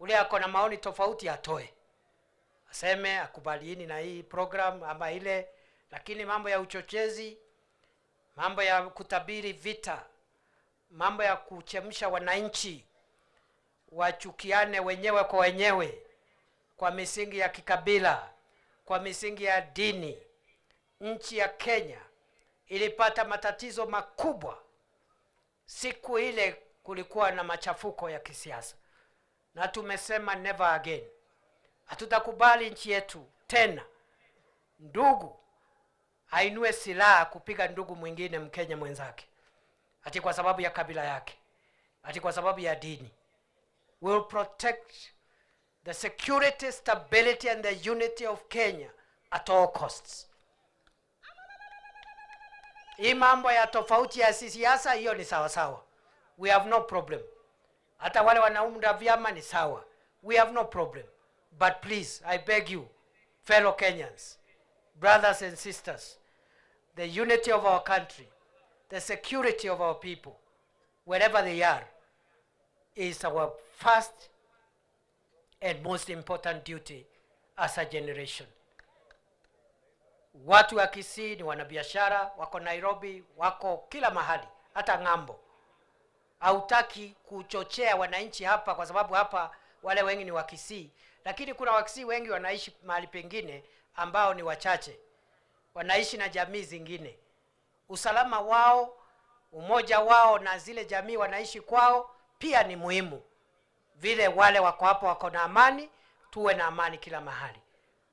ule ako na maoni tofauti atoe, aseme akubaliini na hii program ama ile. Lakini mambo ya uchochezi, mambo ya kutabiri vita, mambo ya kuchemsha wananchi wachukiane wenyewe kwa wenyewe kwa misingi ya kikabila, kwa misingi ya dini, nchi ya Kenya ilipata matatizo makubwa siku ile kulikuwa na machafuko ya kisiasa na tumesema never again, hatutakubali nchi yetu tena ndugu ainue silaha kupiga ndugu mwingine Mkenya mwenzake ati kwa sababu ya kabila yake, ati kwa sababu ya dini. We will protect the security, stability and the unity of Kenya at all costs. Hii mambo ya tofauti ya siasa hiyo ni sawasawa, we have no problem hata wale wanaunda vyama ni sawa, we have no problem, but please I beg you fellow Kenyans, brothers and sisters, the unity of our country, the security of our people, wherever they are, is our first and most important duty as a generation. Watu wa Kisii ni wanabiashara, wako Nairobi, wako kila mahali, hata ng'ambo hautaki kuchochea wananchi hapa, kwa sababu hapa wale wengi ni Wakisii, lakini kuna Wakisii wengi wanaishi mahali pengine ambao ni wachache, wanaishi na jamii zingine. Usalama wao, umoja wao na zile jamii wanaishi kwao pia ni muhimu, vile wale wako hapo wako na amani, tuwe na amani kila mahali.